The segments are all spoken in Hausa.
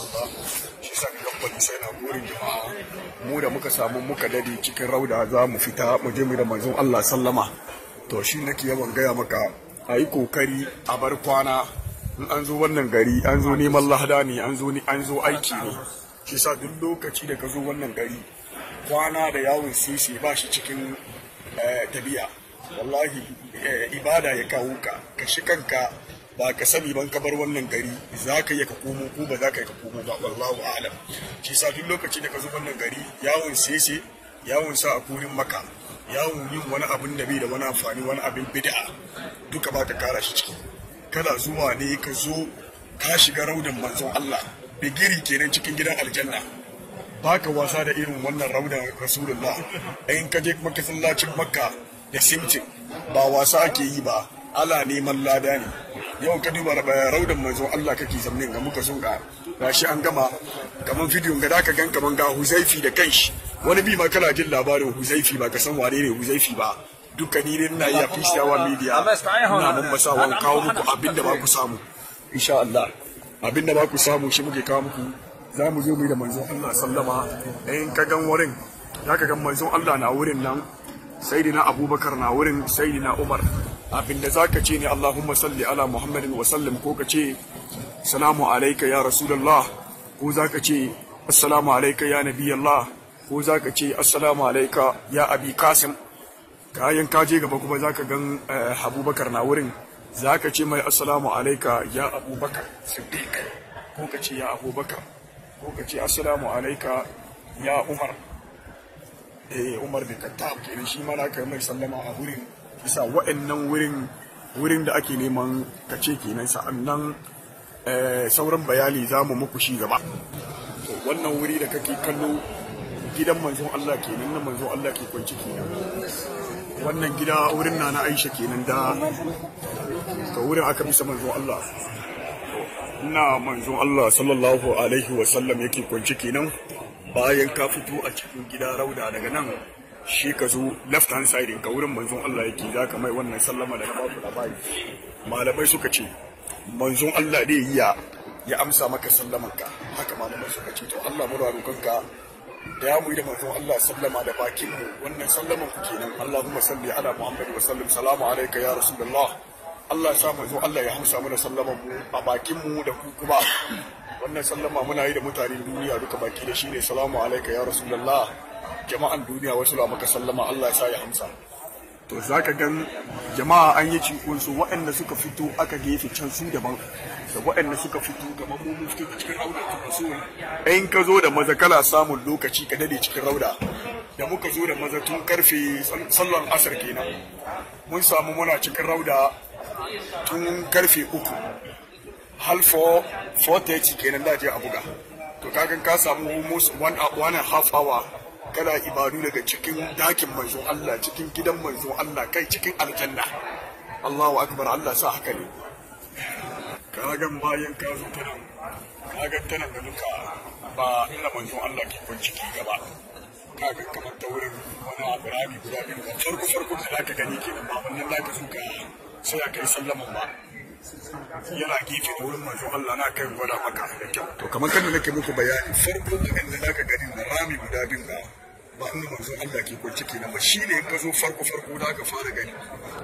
shi sa mu da muka samu muka dade cikin rauda za mu fita mu je mu da manzon Allah sallama to shi nake yawan gaya maka a yi kokari a bar kwana in an zo wannan gari an zo neman lahada ne an zo an zo aiki ne shi sa duk lokaci da ka zo wannan gari kwana da yawon sisi ba shi cikin eh, tabiya wallahi eh, ibada ya kawo ka ka shi kanka ba ka sani ban ka bar wannan gari za ka iya ka komo ko ba za ka iya ka komo ba wallahu a'lam shi sa duk lokacin da ka zo wannan gari yawon sese yawon sa a kurin maka yawon yin wani abin da bai da wani amfani wani abin bid'a duka ba ka kara shi ciki kana zuwa ne ka zo ka shiga raudan manzon Allah bigiri kenan cikin gidan aljanna baka wasa da irin wannan raudan rasulullah in ka je makasallacin makka da simti ba wasa ake yi ba ala neman lada ne yau ka duba raudan manzon Allah kake zamne ga muka so ga gashi an gama kaman bidiyon ga zaka gan kaman ga Huzaifi da kanshi wani bi ma kana jin labarin Huzaifi ba ka san wane ne Huzaifi ba duka ni ne ina iya fisawa media ina mun wani kawo muku abinda ba ku samu insha Allah abinda ba ku samu shi muke kawo muku za mu zo mu da manzon Allah sallama in ka gan wurin za ka gan manzon Allah na wurin nan sayyidina Abubakar na wurin sayyidina Umar Abin da za ka ce ne Allahumma salli ala Muhammadin wa sallim ko ka ce salamu alaika ya rasulullah ko za ka ce assalamu alaika ya nabiyallah ko za ka ce assalamu alaika ya abi kasim kayan ka je gaba kuma za ka gan eh, Abubakar na wurin Za ka ce mai assalamu alaika ya Abubakar Siddiq ko ka ce ya Abubakar ko ka ce assalamu alaika ya Umar eh Umar bin Khattab kenan shi ma na kai mai sallama a wurin bisa waɗannan wurin wurin da ake neman kace kenan sa'annan eh, sauran bayani za mu muku shi gaba to wannan wuri da kake kallo gidan manzon Allah kenan na manzon Allah ke kwanci kenan wannan gida wurin na na Aisha kenan da ka wurin aka bisa manzon Allah na manzon Allah sallallahu alaihi wa sallam yake kwanci kenan bayan ka fito a cikin gida rauda daga nan shi ka zo left hand side ka wurin manzon Allah yake za ka mai wannan sallama kafa da bayi. malamai suka ce manzon Allah ne ya ya amsa maka sallaman ka haka malamai suka ce to Allah mu roƙon ka da ya muyi da manzon Allah sallama da bakin mu wannan sallaman ku kenan Allahumma salli ala Muhammad wa sallim salamu alayka ya rasulullah Allah ya sa manzon Allah ya amsa mana sallaman mu a bakin mu da ku kuma wannan sallama muna yi da mutane duniya duka baki da shi ne salamu alayka ya rasulullah jama'an duniya wasu la maka sallama Allah ya sa ya amsa to za ka gan jama'a an yi cikin su waɗanda suka fito aka gefe can su daban da waɗanda suka fito ga ko mu cikin rauda ta so in ka zo da maza kala samun lokaci ka dade cikin rauda da muka zo da maza tun karfe sallan asar kenan mun samu muna cikin rauda tun karfe uku hal 4:30 kenan da je a buga to kagan ka samu almost one and a half hour kana ibadu daga cikin dakin manzon Allah cikin gidan manzon Allah kai cikin aljanna Allahu akbar Allah sa haka ne Ka kagan bayan ka zo tana kaga tana da duka ba inda manzon Allah ke ciki gaba Ka kaga kamar ta wurin wani abirabi guda biyu da farko farko da zaka gani kenan ba wannan zaka so ka sai ka yi sallaman ba yana gefe da wurin manzo Allah na kai gwada maka da kyau to kamar kan da nake muku bayani farko da inda zaka gani da rami guda biyu ba ba inda manzon Allah ke kwanci kenan ba shine in ka zo farko farko da ka fara gani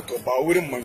to ba wurin